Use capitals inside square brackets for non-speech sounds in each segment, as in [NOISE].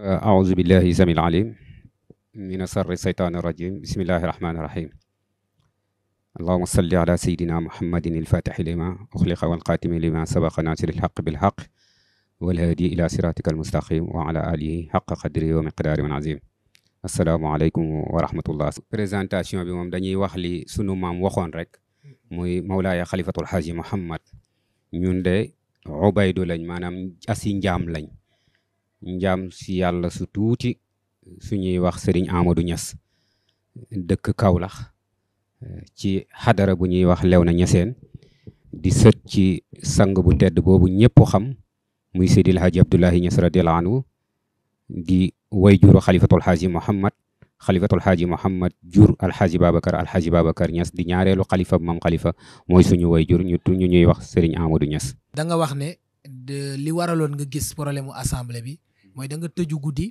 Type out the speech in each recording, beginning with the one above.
أعوذ بالله سميع العليم من شر الشيطان الرجيم بسم الله الرحمن الرحيم اللهم صل على سيدنا محمد الفاتح لما أخلق والقاتم لما سبق ناصر الحق بالحق والهادي إلى صراطك المستقيم وعلى آله حق قدره ومقداره العظيم asalaamaaleykum wa rahmatullah présentation bi moom dañuy wax li sunu maam waxoon rek muy mawlaaya xalifatul xaaji Muhammad ñun de ubaydu lañ maanaam asi njaam lañ njaam si yàlla su tuuti suñuy wax sëriñ Amadou ñas dëkk Kaolack ci xadara bu ñuy wax lew na ñaseen di sët ci sang bu tedd boobu ñëpp xam muy Seydil Hadji Abdoulahi Niass radiyallahu anhu di wayjuru xalifatul xaaji Mouhamad xalifatul xaaji Mouhamad jur alxaaji Babacar alxaaji Babacar Niass di ñaareelu xalifa mam xalifa mooy suñu wayjur ñu ñuy wax sëriñ Amadou Niass. da wax ne li waraloon nga gis problème mu assemblée bi mooy da nga tëju guddi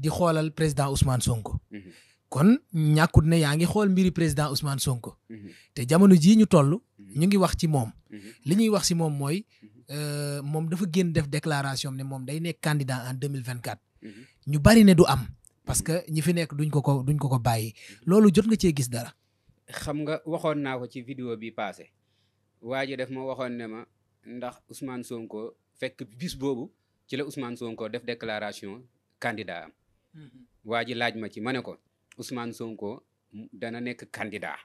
di xoolal président Ousmane Sonko. Mhm. kon ñàkkut ne yaa ngi xool mbiri président Ousmane Sonko. Mhm. te jamono jii ñu toll. Mhm. ñu ngi wax ci moom. li ñuy wax si moom mooy euh, moom dafa génn def déclaration ne moom day nekk candidat en deux mille vingt quatre. ñu bari ne du am. parce que ñi fi nekk duñ ko ko duñ ko ko bàyyi. loolu jot nga cee gis dara. xam nga waxoon naa ko ci vidéo bi passé waa ji def ma waxoon ne ma ndax Ousmane Sonko fekk bis boobu. ci la Ousmane Sonko def déclaration kandidaa am. Mm-hmm. waa ji laaj ma ci ma ne ko Ousmane Sonko dana nekk candidat.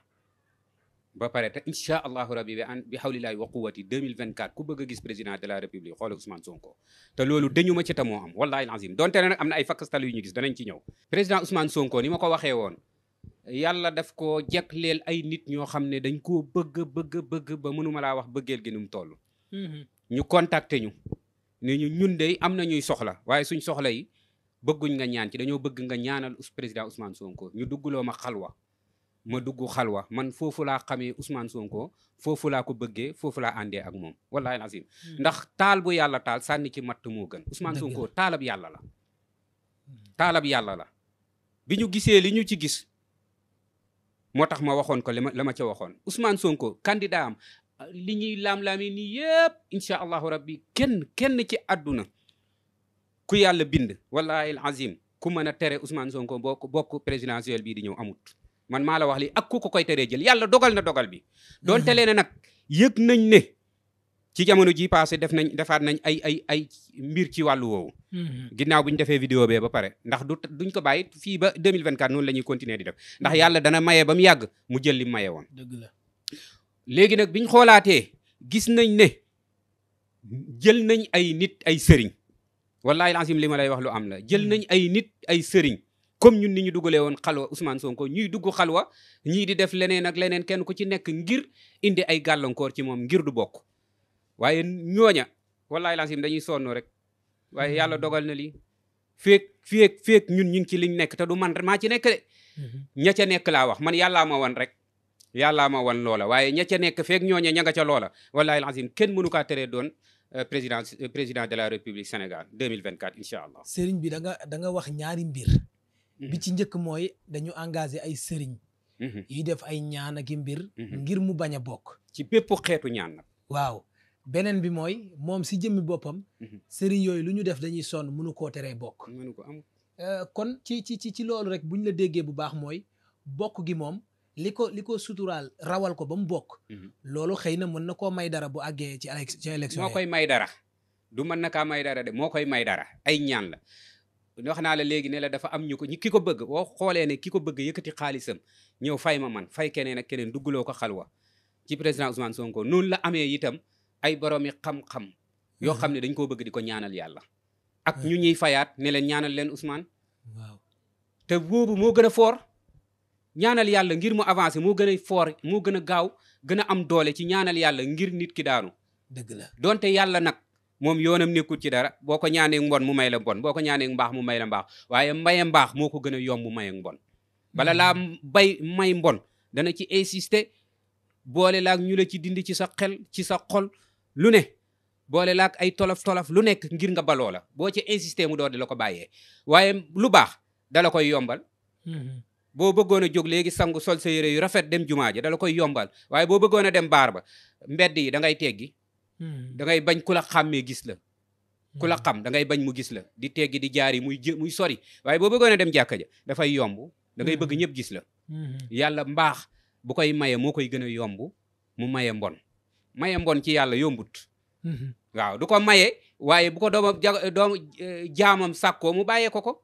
ba pare te incha allahu rabi bi an bi xawlilaay wa quwati 2024 ku bëgg gis président de la république xoolal Ousmane Sonko te loolu dañu ma ci te moo am wallahi alazim donte ne nag am na ay fakkastal yu ñu gis danañ ci ñëw. président Ousmane Sonko ni ma ko waxee woon yàlla daf ko leel ay nit ñoo xam ne dañ koo bëgg bëgg bëgg ba mënuma laa wax bëggeel gi nu mu toll. Mm-hmm. ñu ñu. ne ñu ñun de am na ñuy soxla waaye suñ soxla yi bëgguñ nga ñaan ci dañoo bëgg nga ñaanal président Ousmane Sonko ñu duggloo ma xalwa ma dugg xalwa man foofu laa xamee Ousmane Sonko foofu laa ko bëggee foofu laa àndee ak moom wallahi alazim hmm. ndax taal bu yàlla taal sànni ci matt moo gën Ousmane Sonko taalab yàlla la hmm. taalab yàlla la bi ñu gisee li ñu ci gis moo tax ma waxoon ko li ma la ma ca waxoon Ousmane Sonko candidat am li ñuy laam-laamee nii yëpp incha allahu rabbi kenn kenn ci àdduna ku yàlla bind wallahi al azim ku mën a tere Ousmane Sonko bokk bokk présidentiel bii di ñëw amut man maa la wax lii ak ku koy teree jël yàlla dogal na dogal bi doonte mhm. lee ne nag yëg nañ ne ci jamono ji passé def nañ defaat nañ ay ay ay mbir ci wàllu woowu mhm. ginnaaw bu ñu defee vidéo bee ba pare ndax du duñ ko bàyyi fii ba 2024 noonu la ñuy continuer di def ndax mhm. yàlla dana maye ba mu yàgg mu jël li maye woon dëgg la léegi nag biñ xoolaatee gis nañ ne jël nañ ay nit ay sëriñ wallahi lancim li ma lay wax lu am la jël nañ ay nit ay sëriñ comme ñun ni ñu dugalee woon xalwa Ousmane Sonko ñuy dugg xalwa ñii di def leneen ak leneen kenn ku ci nekk ngir indi ay gàllankoor ci moom ngir du bokk waaye ñooña wallahi lancim dañuy sonn rek waaye yàlla dogal na lii féeg féeg féeg ñun ñu ngi ci liñ nekk te du man maa ci nekk de mm-hmm. ña nekk laa wax man yàlla ma wan rek yàllaa ma wan loola waaye ña ca nekk feek ñooñe ña nga ca loola wallaahi alazim kenn mënu kaa teree doon euh, président euh, président de la république Sénégal 2024 incha allah. sëriñ bi da nga da wax ñaari mbir. bi mhm. ci njëkk mooy dañu engagé ay sëriñ. Mhm. yuy def ay ñaan ak mbir. Mhm. ngir mu bañ a bokk. ci bépp xeetu ñaan waaw beneen bi mooy moom si jëmmi boppam. sëriñ yooyu lu ñu def dañuy sonn mënu koo teree bokk. ko am euh, kon ci ci ci loolu rek bu ñu la déggee bu baax mooy bokk gi moom. li ko li ko suturaal rawal ko ba mu bokk. Mhm. loolu xëy na mën na koo may dara bu àggee ci ci élection moo koy may dara du mën na kaa may dara de moo koy may dara ay ñaan la. wax naa la léegi ne la dafa am ñu ko ki ko bëgg boo xoolee ne ki ko bëgg yëkkati xaalisam ñëw fay ma man fay keneen ak keneen dugguloo ko xalwa ci président Ousmane Sonko noonu la amee itam ay boroomi xam-xam. yoo mhm. xam ne dañ koo bëgg di ko ñaanal yàlla. ak ñu ñuy fayaat ne leen ñaanal leen Ousmane. te boobu moo gën a foor ñaanal yàlla ngir mu avancer moo gën a foor moo gën a gaaw gën a am doole ci ñaanal yàlla ngir nit ki daanu. dëgg la donte yàlla nag moom yoonam nekkul ci dara boo ko ñaanee mbon mu may la mbon boo ko ñaanee mbaax mu may la mbaax waaye maye mbaax moo ko gën a yombu maye mbon. bala laa hmm. bay may mbon dana ci insister boole laak ñu la ci dindi ci sa xel ci sa xol lu ne. boole laak ay tolof tolof lu nekk ngir nga baloo la boo ci insister mu doo di la ko bàyyee waaye lu baax dala koy yombal. Hmm. boo bëggoon a jóg léegi sangu sol sa yére yu rafet dem jumaa ji dala koy yombal waaye boo bëggoon dem baar ba mbedd yi dangay ngay teggi hmm. da ngay bañ ku la xàmmee gis la kula hmm. xam dangay bañ mu gis la di teggi di jaar yi muy jë muy sori waaye boo bëggoon dem jàkka ja dafay yomb da bëgg hmm. ñëpp gis la yàlla mbaax bu koy mayee moo koy gën a yomb mu maye mbon maye mbon ci yàlla yombut waaw du ko maye waaye bu ko doomam ja doom eh, jaamam sàkkoo mu bàyyee ko ko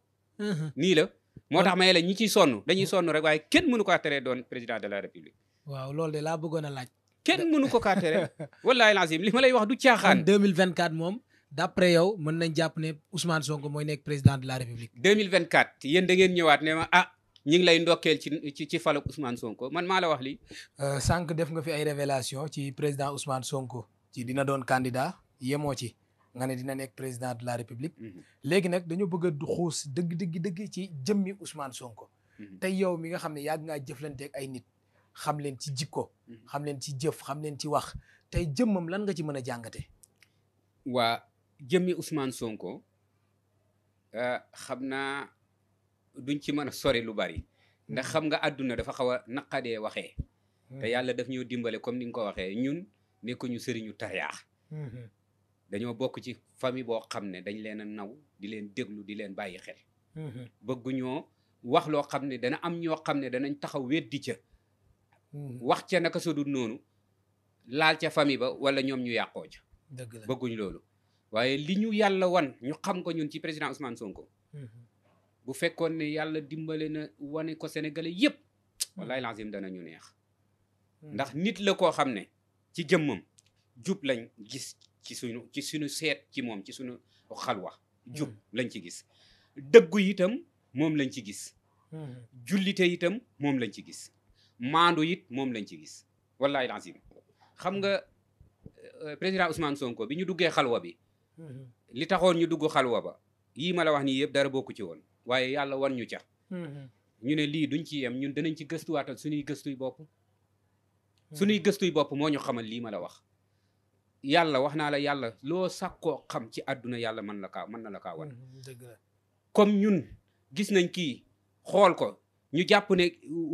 nii la moo tax ma la ñi ciy sonn dañuy sonn rek waaye kenn mënu kaa teree doon président de la république waaw loolu de laa bëggoon a laaj kenn munu ko kaa tere [LAUGHS] wallaahi lazim li ma lay wax du caaxaan 2024 moom d'après yow mën na jàpp ne Ousmane Sonko mooy nekk président de la république 2024 yéen da ngeen ñëwaat ne ma ah, ñi ngi lay ndokkeel ci ci ci falu Ousmane Sonko man maa la wax lii euh, sànq def nga fi ay révélation ci président Ousmane Sonko ci dina doon candidat yemoo ci nga ne dina nekk président de la république. Mhm. léegi nag dañoo bëgg a xuus dëgg dëgg dëgg ci jëmmi Ousmane Sonko. Mhm. tey yow mi nga xam ne yàgg ngaa jëflanteeg ay nit xam leen ci jikko. Mhm. xam leen ci jëf xam leen ci wax tey jëmmam lan nga ci mën a jàngate waa jëmmi Ousmane Sonko euh, xam naa duñ ci mën a sori lu bari. ndax xam nga àdduna dafa xaw a naqadee waxee. te yàlla daf ñoo dimbale comme ni nga ko waxee ñun nekkuñu sëriñu tariyaax dañoo bokk ci famille boo xam ne dañ leen a naw di leen déglu di leen bàyyi xel mm-hmm. bëgguñoo wax loo xam ne dana am ñoo xam ne danañ taxaw weddi ca mm-hmm. wax ca naka sudul noonu laal ca famille ba wala ñoom ñu yàqoo ca bëgguñ loolu waaye li ñu yàlla wan ñu xam ko ñun ci président Ousmane Sonko mm-hmm. bu fekkoon ne yàlla dimbale na wane ko sénégalais yépp wallaay lazim dana ñu neex ndax nit la koo xam ne ci jëmmam jub lañ gis ci suñu ci suñu seet ci moom ci suñu xalwa hmm. jub lañ ci gis dëggu itam moom lañ ci gis hmm. jullite itam moom lañ ci gis maandu it moom lañ ci gis wallahi lazim xam nga euh, euh, président Ousmane Sonko bi ñu duggee xalwa bi hmm. li taxoon ñu dugg xalwa ba yii ma la wax nii yëpp dara bokku ci woon waaye yàlla wan ñu ca ñu ne lii duñ ci yem ñun danañ ci gëstuwaatal suñuy gëstuy bopp suñuy gëstuy bopp moo ñu xamal lii ma la wax yàlla wax naa la yàlla loo sàkkoo xam ci àdduna yàlla mën la kaa mën na la kaa wan mm-hmm. dëgg la comme ñun gis nañ kii xool ko ñu jàpp ne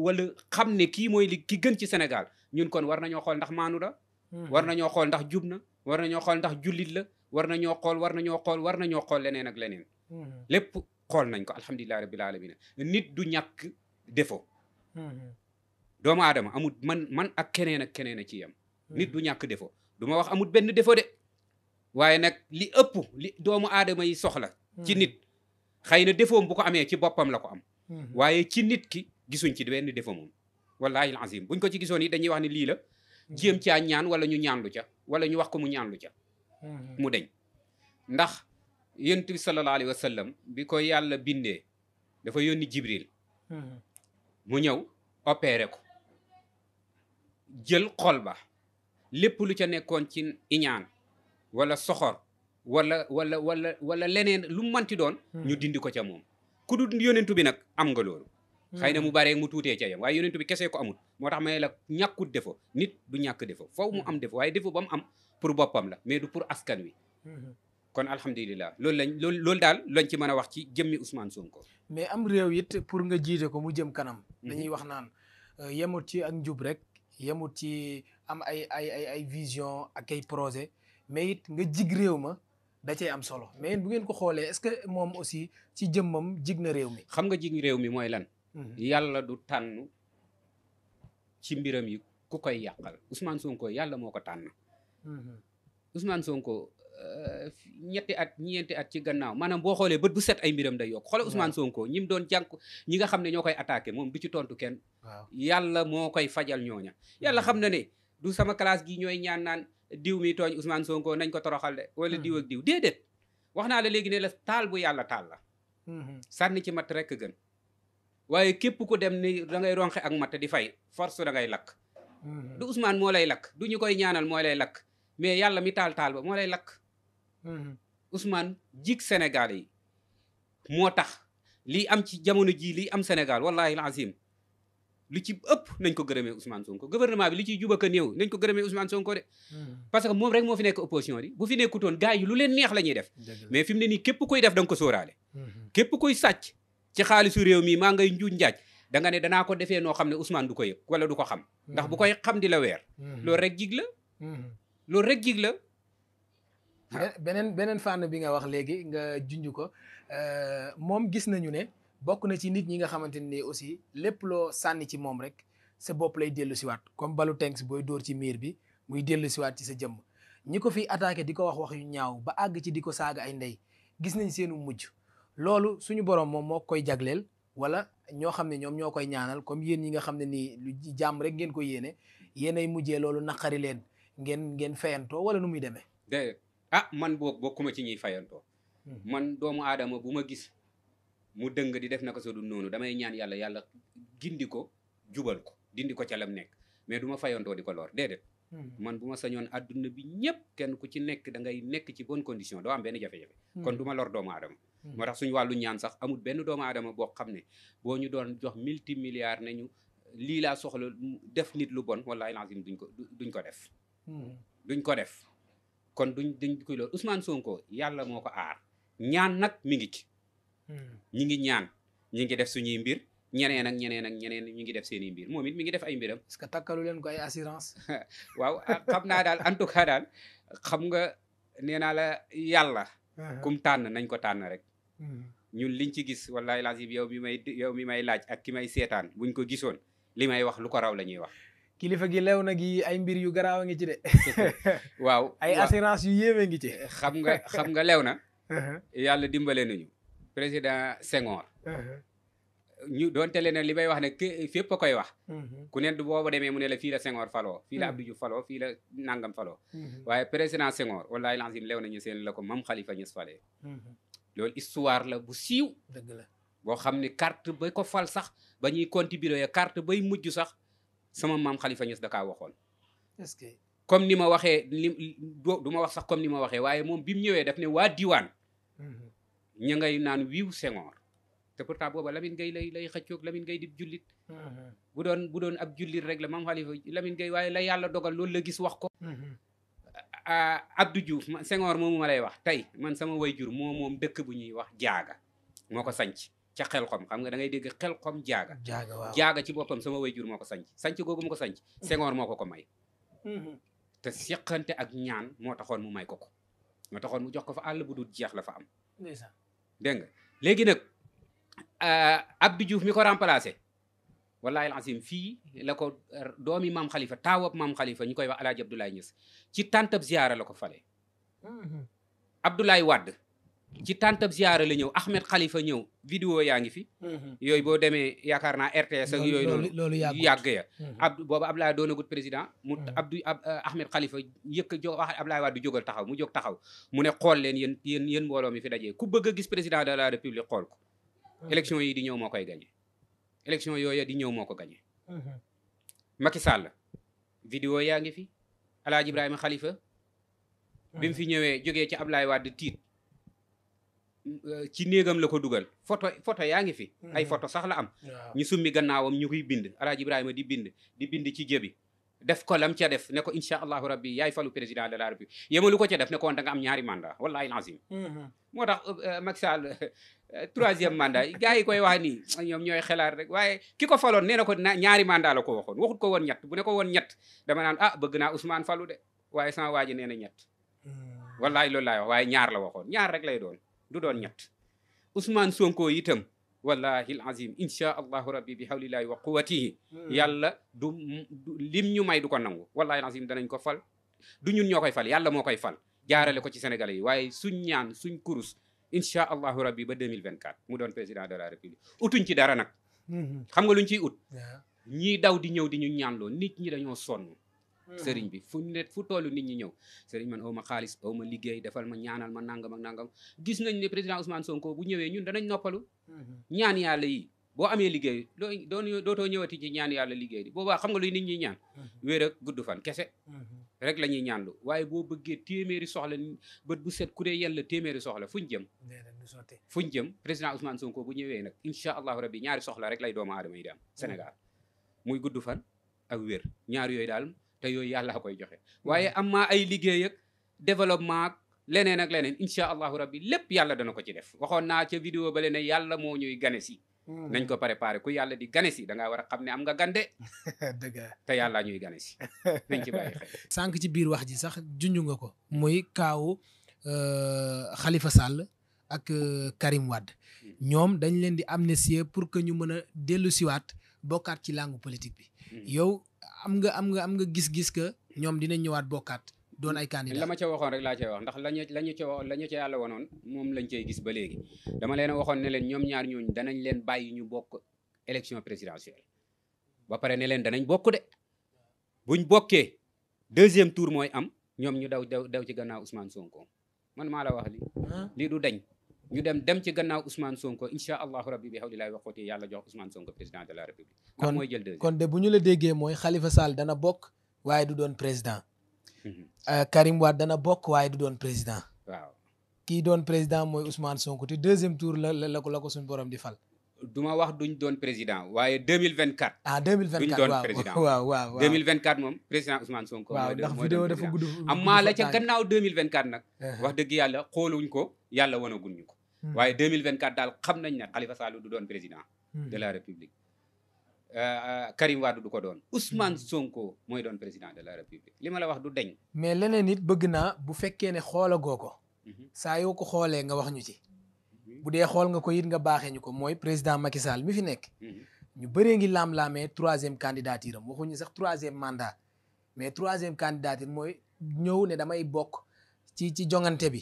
wala xam ne kii mooy li ki gën ci senegal ñun kon war nañoo xool ndax maanu la mm-hmm. war nañoo xool ndax jub na war nañoo xool ndax jullit la war na ñoo xool war nañoo xool war nañoo xool leneen ak leneen mm-hmm. lépp xool nañ ko alhamdulilahi rabbil alamin nit du ñàkk defo doomu aadama amul man man ak keneen ak keneen a ci yam nit du ñàkk défaut du ma wax amut benn défaut de waaye nag li ëpp li doomu aadama yi soxla hmm. ci nit xëy na defoom bu ko amee ci boppam la ko am hmm. waaye ci nit ki gisuñ ci benn défaut moom wallaahi azim buñ ko ci gisoon yi dañuy wax ne lii la hmm. jéem caa ñaan wala ñu ñaanlu ca wala ñu wax ko mu ñaanlu ca mu deñ ndax yonent bi sallallahu alayhi bi ko yàlla bindee dafa yónni jibril mu ñëw opéré ko jël xol ba lépp lu ca nekkoon ci iñaan wala soxor wala wala wala wala leneen lu mu manti doon hmm. ñu dindi ko ca moom ku du yonentu bi nag am nga loolu hmm. xëy na mu baree mu tuutee ca yam waaye yonentu bi kese ko amul moo tax may la ñàkkut defo nit du ñàkk defo faw mu hmm. am defo waaye defo ba mu am pour boppam la mais du pour askan wi kon alhamdulilah loolu lañ loolu loolu daal lañ ci mën a wax ci jëmmi Ousmane ko mais am réew it pour nga jiite ko mu jëm kanam. dañuy wax naan euh, yemut ci ak njub rek yemut ci am ay ay ay ay vision ak ay projet mais it nga jig réew ma da cee am solo mais bu ngeen ko xoolee est-ce que moom aussi ci jëmmam jig na réew mi. xam nga jig réew mi mooy lan. Mhm. yàlla du tànn ci mbiram yi ku koy yàqal Ousmane Sonko yàlla moo ko tànn. Mhm. Ousmane Sonko euh, ñetti at ñeenti at ci gannaaw maanaam boo xoolee bët bu set ay mbiram day yokk xoolal Ousmane Sonko ñi mu doon jànku ñi xam ne ñoo koy attaqué moom du ci tontu kenn. yàlla moo koy fajal ñooña yàlla mhm. xam na ne. du sama classe gi ñooy ñaan naan diw mi tooñ Ousmane Sonko nañ ko toroxal de wala diw ak diw déedéet wax naa la léegi ne la taal bu yàlla taal la mm-hmm. sànni ci mat rekk gën waaye képp ku dem ni da ngay ronxe ak mat di fay force da lakk mm-hmm. du Ousmane moo lay lakk du ñu koy ñaanal moo lay lakk mais yàlla mi taal taal ba moo lay lakk mm-hmm. Ousmane jig Sénégal yi moo tax lii am ci jamono jii lii am Sénégal wallahi alazim li ci ëpp nañ ko gërëmee Ousmane Sonko gouvernement bi li ciy jub ak a néew nañ ko gërëmee Ousmane Sonko de. Hmm. parce que moom rek moo fi nekk opposition bi bu fi nekkutoon gars lu leen neex la def. mais fi ne nii képp koy def da nga ko sóoraale. Hmm. képp koy sàcc ci xaalisu réew mi maa ngay njuuj njaaj da nga ne danaa ko defee noo xam ne Ousmane du ko yëg wala du ko xam. ndax bu hmm. koy xam di la weer. loolu rek jig la. loolu rek jig la. beneen beneen fànn bi nga wax léegi nga junj ko euh, moom gis nañu ne. bokk na ci nit ñi nga xamante ni aussi lépp loo sànni ci moom rek sa bopp lay dellu siwaat comme balu tenks booy dóor ci miir bi muy dellu siwaat ci sa jëmm ñi ko fi attaqué di ko wax wax yu ñaaw ba àgg ci di ko saaga ay ndey gis nañ seenu mujj loolu suñu borom moom moo koy jagleel wala ñoo xam ne ñoom ñoo koy ñaanal comme yéen ñi nga xam ne nii lu jàmm rek ngeen ko yéene yéenay mujjee loolu naqari leen ngeen ngeen fayantoo wala nu muy demee. ah man boog bokkuma ci ñuy fayantoo. Hmm. bu ma gis mu dëng di def naka sa du noonu damay ñaan yàlla yàlla gindi ko jubal ko dindi ko ca lam nekk mais duma ma di ko lor déedéet. Hmm. man bu ma sañoon adduna bi ñëpp kenn ku ci nekk da ngay nekk ci bonne condition doo am benn jafe-jafe. Hmm. kon du ma doomu aadama. Hmm. moo tax suñu wàllu ñaan sax amul benn doomu aadama boo xam ne boo ñu doon jox multi milliards nañu lii laa soxla def nit lu bon wallaahi lazim duñ ko duñ ko def. duñ ko def kon duñ duñ koy lool Ousmane Sonko yàlla moo ko aar ñaan nag mi ngi ci. ñi ngi ñaan ñi ngi def suñuy mbir ñeneen ak ñeneen ak ñeneen ñu ngi def seen i mbir moom it mi ngi def ay mbiram. est que takkalu leen ko ay assurance. [LAUGHS] waaw ah, xam naa daal en daal xam nga nee naa la yàlla. Uh-huh. kum tànn nañ ko tànn rek. Mm-hmm. ñun liñ ci gis wallahi lazib yow mi may yow mi may laaj ak ki may seetaan buñ ko gisoon li may wax lu ko raw la ñuy wax. kilifa gi lew na gi ay mbir yu garaaw a ngi ci de. [LAUGHS] waaw [LAUGHS] ay assurance yu ngi ci. xam nga xam nga lew na. Uh-huh. yàlla dimbalee nañu. président Senghor. ñu doonte leen li may wax ne fépp a koy wax. Mhm. ku ne du boobu demee mu ne la fii la Senghor falo fii la mhm. Abdou Diouf faloo fii la Nangam falo mhm. waaye président Senghor wallaahi lancim lew nañu seen la ko mam Khalifa Niass falee. loolu histoire la bu siiw. dëgg la boo xam ne carte ba ko fal sax ba ñuy contribuer carte bay mujj sax sama maam Khalifa Niass da kaa waxoon. est-ce que comme ni ma waxee li du ma wax sax comme ni ma waxee waaye moom bi mu ñëwee daf ne waa diwaan. ña ngay naan wiiw Senghor te pourtant booba lamit ngay lay lay xëccoog Lamine Gueye di jullit mm-hmm. bu doon bu doon ab jullit rek la maam Khalifa Lamine waaye la yàlla dogal loolu la gis wax ko mm-hmm. Abdou Diouf Senghor moomu ma lay wax tey man sama way jur moom dëkk bu ñuy wax jaaga moo ko sanc ca xelxom xam nga da ngay dégg xelxom jaaga jaaga ci boppam sama way jur moo ko sanc sanc googu mu ko sanc mm-hmm. Senghor moo ko ko may te seqante ak ñaan moo taxoon mu may ko ko moo taxoon mu jox ko fa àll bu dul jeex la fa am dégg nga léegi nag euh, Abdou Diouf mi ko remplacé wallahi alazim fii la ko euh, doomi maam xalifa taawab maam xalifa ñu koy wax alaaji Abdoulaye Niass ci tàntab ziyaara la ko fale mhm. Abdoulaye Wade ci tàntab ziyaara la ñëw Ahmed xalifa ñëw vidéo yaa ngi fi mhm. yooyu boo demee yaakaar naa RTS ak yooyu noonu loolu yàgg ya mhm. ab boobu Ablaye doonagut président mu mhm. Abdou euh, Ahmed xalifa yëkk jo wax Ablaye Wade jógal taxaw mu jóg taxaw mu ne xool leen yéen yéen yéen mbooloo mi fi dajee ku bëgg a gis président de la république xool ko élection yi di ñëw moo koy gañe élection yooya di ñëw moo ko gañe Macky Sall vidéo yaa ngi fi Alaaji Ibrahima xalifa bi mu fi ñëwee jógee ci Ablaye Wade tiit Euh, ci néegam la ko dugal photo photo yaa ngi fi mhm. ay photo sax la am ñu summi gannaawam ñu koy bind alaaji ibrahima di bind di bind ci jëbi def ko lam ca def neko ko insha allahu rabbi yaay falu président de la république ko ca def ne ko woon nga am ñaari manda wallahi lazim mhm. moo tax euh, euh, Macky Sall manda mandat gars yi koy wax nii ñoom ñooy xelaat rek waaye ki ko faloon nee na ko ñaari mandat la ko waxoon waxut ko woon ñett bu ne ko woon ñett dama naan ah bëgg naa Ousmane falu de waaye sama waa ji nee na ñett mhm. wallahi loolu laay wax waaye ñaar la waxoon ñaar rek lay doon du doon ñett Ousmane Sonko itam wallahi azim insha allahu rabbi bi hawlillahi wa quwatihi hmm. yàlla du lim ñu may du ko nangu wallahi azim danañ ko fal du ñun ñoo koy fal yàlla moo koy fal jaarale ko ci sénégalais yi waaye suñ ñaan suñ kurus insha allahu rabbi ba 2024 mu doon président de la république ci dara nag hmm. xam nga luñ ciy ut ñii daw di ñëw di ñu ñaanloo nit ñi dañoo sonn Mm-hmm. sëriñ bi fu ne fu tollu nit ñi ñëw sëriñ man aw ma xaalis aw ma liggéey defal ma ñaanal ma nangam ak nangam gis nañ ne président Ousmane Sonko bu ñëwee ñun danañ noppalu mm-hmm. ñaan yàlla yi boo amee liggéey doo doo dootoo ñëwati ci ñaan yàlla liggéey di boobaa xam nga luy nit ñi ñaan mm-hmm. wéer gudd fan kese rek la ñuy ñaan waaye boo bëggee téeméeri soxla bët bu set ku dee yàlla téeméeri soxla fuñ jëm fuñ jëm président Ousmane Sonko bu ñëwee nag incha allahu rabbi ñaari soxla rek lay doomu aadama yi di am muy gudd fan ak wér ñaar yooyu te yooyu yàlla koy joxe mm-hmm. waaye am maa ay liggéey ak développement ak leneen ak leneen incha allahu rabbi lépp yàlla dana ko ci def waxoon naa ca vidéo ba le ne yàlla moo ñuy gane si mm-hmm. nañ ko préparé ku yàlla di gane si da war a xam ne am nga gande [LAUGHS] dëgg te yàlla ñuy gane si ci [LAUGHS] sànq ci biir wax ji sax junj nga ko mooy kaaw xalifa euh, Sall ak euh, Karim Wade mm-hmm. ñoom dañ leen di amnistier pour que ñu mën a dellu siwaat bokkaat ci langue politique bi. Hmm. yow am nga am nga am nga gis-gis que ñoom dinañ ñëwaat bokkaat doon ay candidat la ma ca waxoon rek laa cay wax ndax lañu lañu ca lañu ca yàlla wanoon moom lañ cay gis ba léegi dama leen waxoon ne leen ñoom ñaar ñooñu danañ leen bàyyi ñu bokk élection présidentielle ba pare ne leen danañ bokk de buñ bokkee deuxième tour mooy am ñoom ñu daw daw daw ci gannaaw Ousmane Sonko man maa la wax li ah. lii du dañ ñu dem dem ci gannaaw Ousmane Sonko incha allahu rabbi bi hawlillahi wa quwwati yàlla jox Ousmane Sonko kon mooy jël deuxième kon de bu ñu la déggee mooy Khalifa Sall dana bokk waaye du doon président. Mhm. Euh, Karim Wade dana bokk waaye du doon président. waaw kii doon président mooy Ousmane Sonko te deuxième tour la la la ko suñu borom di fal. du ma wax duñ doon président waaye 2024. ah 2024 duñ doon président [LAUGHS] waaw waaw waaw 2024 moom président Ousmane Sonko. waaw ndax vidéo dafa gudd. am maa la ca gannaaw nag. Uh-huh. wax dëgg yàlla xooluñ ko yàlla wanaguñ ñu ko. Hmm. waaye 2024 daal xam nañ ne Khalifa Sall du doon président hmm. de la république euh, euh, Karim Wade du ko doon Ousmane hmm. Sonko mooy doon président de la république li ma la wax du deñ mais leneen nit bëgg naa bu fekkee ne xoolagoo ko mhm. saa yoo ko xoolee nga wax ñu ci mhm. bu dee xool nga ko it nga baaxee ñu ko mooy président Macky Sall mi fi nekk mhm. ñu bëree ngi laam-laamee troisième candidature am waxuñu sax troisième mandat mais troisième candidature mooy ñëw ne damay bokk ci ci jongante bi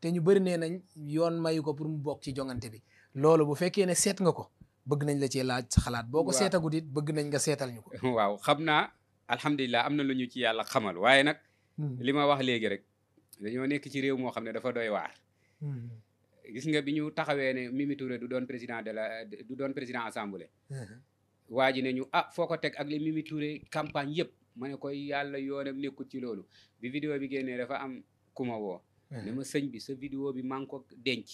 te ñu bëri nee nañ yoon mayu ko pour mu bokk ci jongante bi loolu bu fekkee ne seet nga ko bëgg nañ la cee laaj xalaat boo ko seetagut it bëgg nañ nga seetal ñu ko [LAUGHS] waaw xam naa alhamdulilah am na lu ñu ci yàlla xamal waaye nag hmm. li ma wax léegi rek dañoo nekk ci réew moo xam ne dafa doy waar hmm. gis nga bi ñu taxawee ne Mimi Touré du doon président de la du doon président assemblée uh-huh. waa ji ne ñu ah foo ko teg ak li Mimi Touré campagne yëpp ma ne koy yàlla yoonam nekkul ci loolu bi bi génnee dafa am ku ma woo ne ma sëñ bi sa vidéo bi maa ngi ko denc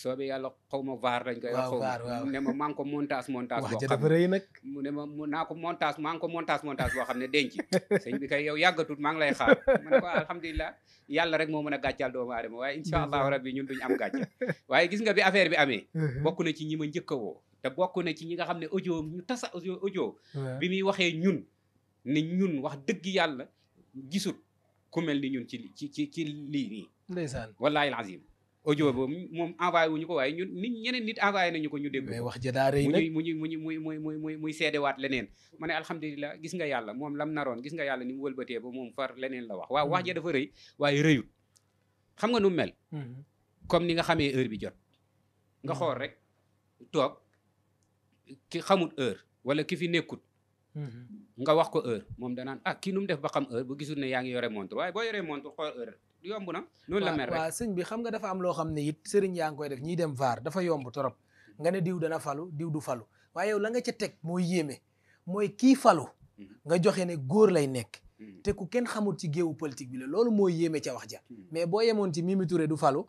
soobe yàlla xaw ma vaar lañ koy wax xaw ma ne ma maa ngi ko montage montage boo xam ne mu ne ma naa ko montage maa ngi ko boo xam ne denc [LAUGHS] sëñ bi kay yow yàggatut maa ngi lay xaar ma ne ko ah, alhamdulilah yàlla rek moo mën a gàccal doomu aadama waaye incha allahu rabbi ñun duñu am gàcca [LAUGHS] waaye gis nga bi affaire bi amee uh-huh. bokk na ci ñi ma njëkka a woo te bokk na ci ñi nga xam ne audio ñu tasa audio audio bi muy waxee ñun ne ñun wax dëgg yàlla gisut ku mel ni ñun ci ci ci ci lii nii. ndeysaan wallaahi alazim audio boobu moom envoyé wuñu ko waaye ñun nit ñeneen nit envoyé nañu ko ñu dégg. mais wax ja daa rëy nag mu ñuy mu ñuy mu ñuy muy muy seedewaat leneen. ma ne alhamdulilah gis nga yàlla moom lam naroon gis nga yàlla ni mu wëlbatee ba moom far leneen la wax waaw wax ja dafa rëy waaye rëyut xam nga nu mel. Mm-hmm. comme ni nga xamee heure bi jot. nga mm-hmm. xool rek toog ki xamut heure wala ki fi nekkut. Mm-hmm. nga wax ko heure moom danaan ah kii nu mu def ba xam heure bu gisul ne yaa ngi yore montre waaye boo yoree montre xool heure yomb na noonu la mer rek sëñ bi xam nga dafa am loo xam ne it sëriñ yaa ngi koy def ñiy dem vaar dafa yomb trop nga ne diw dana falu diw du falu waaye yow la nga ca teg mooy yéeme mooy kii falu mm-hmm. nga joxe ne góor lay nekk mm-hmm. te kenn xamul ci géewu politique bi la loolu mooy yéeme ca wax ja mais boo yemoon ci Mimi Touré du falu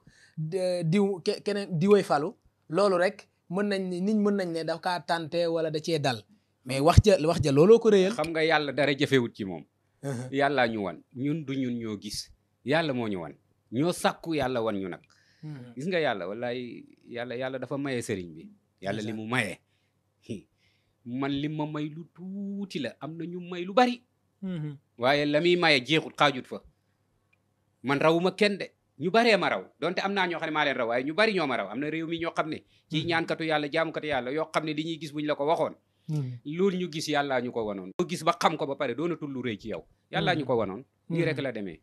diw keneen diway falu loolu rek mën nañ niñ mën nañ ne da kaa tànte wala da cee dal mais wax ja wax ja looloo ko réyal xam nga yàlla dara jafewut ci moom uh-huh. yàlla ñu wan ñun du ñun ñoo gis yàlla moo ñu wan ñoo sàkku yàlla wan ñu nag uh-huh. gis nga yàlla wallaay yàlla yàlla dafa maye sëriñ bi yàlla li mu maye [LAUGHS] man limu ma may lu tuuti la am na ñu may lu bari uh-huh. waaye la muy maye jeexut xaajut fa man rawuma kenn de ñu baree ma raw donte am naa ñoo xam ne maa leen raw waaye ñu bari ñoo ma raw am na réew mi ñoo xam ne ci ñaankatu yàlla jaamukatu yàlla yoo xam ne li ñuy gis buñ la ko waxoon Hmm. loolu ñu gis yàllaa ñu ko wanoon. ko gis ba xam ko ba pare doonatul lu rëy ci yow. yàllaa ñu hmm. ko wanoon. nii rek hmm. la demee.